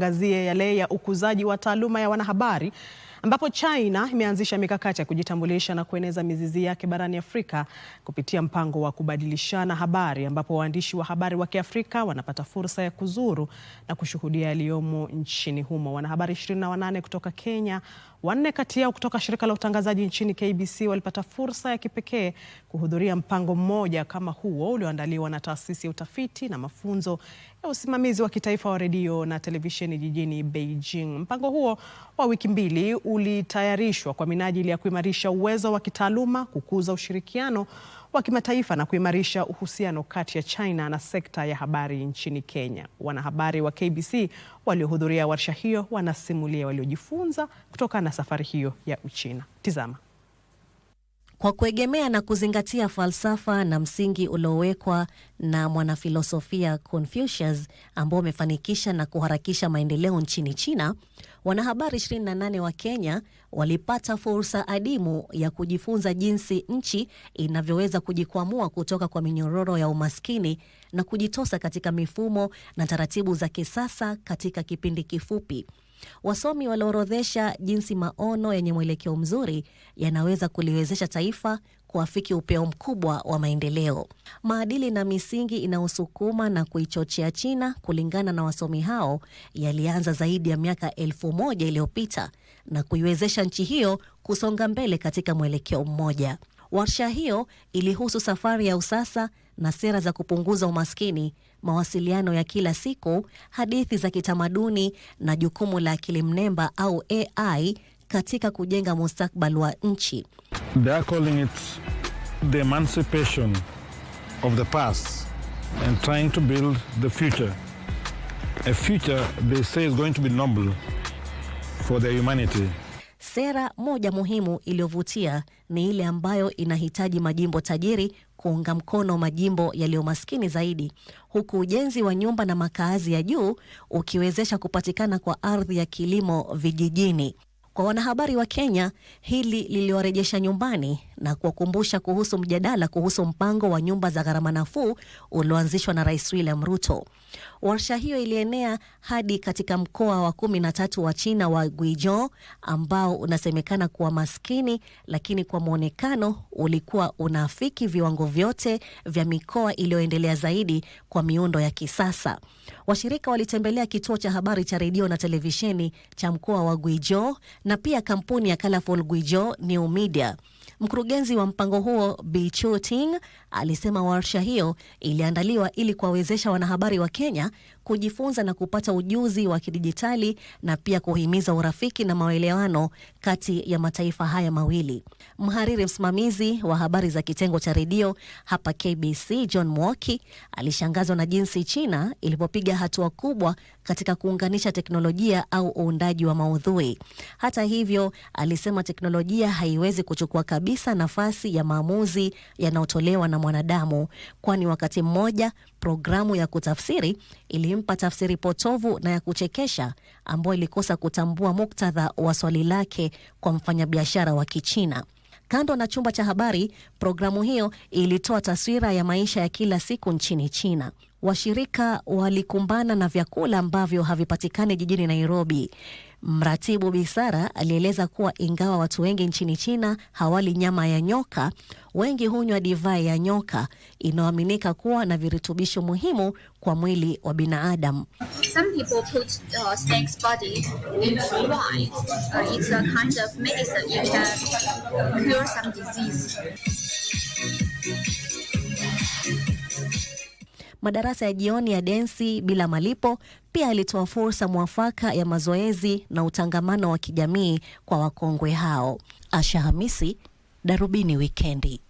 Tuangazie yale ya ukuzaji wa taaluma ya wanahabari ambapo China imeanzisha mikakati ya kujitambulisha na kueneza mizizi yake barani Afrika kupitia mpango wa kubadilishana habari ambapo waandishi wa habari wa Kiafrika wanapata fursa ya kuzuru na kushuhudia yaliyomo nchini humo. Wanahabari 28 kutoka Kenya, wanne kati yao kutoka shirika la utangazaji nchini KBC, walipata fursa ya kipekee kuhudhuria mpango mmoja kama huo ulioandaliwa na taasisi ya utafiti na mafunzo ya usimamizi wa kitaifa wa redio na televisheni nchini jijini Beijing. Mpango huo wa wiki mbili ulitayarishwa kwa minajili ya kuimarisha uwezo wa kitaaluma, kukuza ushirikiano wa kimataifa na kuimarisha uhusiano kati ya China na sekta ya habari nchini Kenya. Wanahabari wa KBC waliohudhuria warsha hiyo wanasimulia waliojifunza kutokana na safari hiyo ya Uchina. Tizama kwa kuegemea na kuzingatia falsafa na msingi uliowekwa na mwanafilosofia Confucius ambao umefanikisha na kuharakisha maendeleo nchini China, wanahabari 28 wa Kenya walipata fursa adimu ya kujifunza jinsi nchi inavyoweza kujikwamua kutoka kwa minyororo ya umaskini na kujitosa katika mifumo na taratibu za kisasa katika kipindi kifupi. Wasomi waliorodhesha jinsi maono yenye mwelekeo mzuri yanaweza kuliwezesha taifa kuafiki upeo mkubwa wa maendeleo. Maadili na misingi inayosukuma na kuichochea China, kulingana na wasomi hao, yalianza zaidi ya miaka elfu moja iliyopita na kuiwezesha nchi hiyo kusonga mbele katika mwelekeo mmoja. Warsha hiyo ilihusu safari ya usasa na sera za kupunguza umaskini, mawasiliano ya kila siku, hadithi za kitamaduni na jukumu la akili mnemba au AI katika kujenga mustakbali wa nchi. They are calling it the emancipation of the past and trying to build the future. A future they say is going to be noble for their humanity. Sera moja muhimu iliyovutia ni ile ambayo inahitaji majimbo tajiri kuunga mkono majimbo yaliyo maskini zaidi, huku ujenzi wa nyumba na makaazi ya juu ukiwezesha kupatikana kwa ardhi ya kilimo vijijini. Kwa wanahabari wa Kenya, hili liliwarejesha nyumbani na kuwakumbusha kuhusu mjadala kuhusu mpango wa nyumba za gharama nafuu ulioanzishwa na Rais William Ruto. Warsha hiyo ilienea hadi katika mkoa wa kumi na tatu wa China wa Guizhou ambao unasemekana kuwa maskini, lakini kwa mwonekano ulikuwa unaafiki viwango vyote vya mikoa iliyoendelea zaidi kwa miundo ya kisasa. Washirika walitembelea kituo cha habari cha redio na televisheni cha mkoa wa Guizhou na pia kampuni ya Colorful Guizhou New Media. Mkurugenzi wa mpango huo Bill alisema warsha hiyo iliandaliwa ili kuwawezesha wanahabari wa Kenya kujifunza na kupata ujuzi wa kidijitali na pia kuhimiza urafiki na maelewano kati ya mataifa haya mawili. Mhariri msimamizi wa habari za kitengo cha redio hapa KBC John Mwoki alishangazwa na jinsi China ilipopiga hatua kubwa katika kuunganisha teknolojia au uundaji wa maudhui. Hata hivyo, alisema teknolojia haiwezi kuchukua kabisa nafasi ya maamuzi yanayotolewa na mwanadamu, kwani wakati mmoja programu ya kutafsiri ili alimpa tafsiri potovu na ya kuchekesha ambayo ilikosa kutambua muktadha wa swali lake kwa mfanyabiashara wa Kichina. Kando na chumba cha habari, programu hiyo ilitoa taswira ya maisha ya kila siku nchini China washirika walikumbana na vyakula ambavyo havipatikani jijini Nairobi. Mratibu Bisara alieleza kuwa ingawa watu wengi nchini China hawali nyama ya nyoka, wengi hunywa divai ya nyoka inayoaminika kuwa na virutubisho muhimu kwa mwili wa binadamu madarasa ya jioni ya densi bila malipo. Pia alitoa fursa mwafaka ya mazoezi na utangamano wa kijamii kwa wakongwe hao. Asha Hamisi, Darubini Wikendi.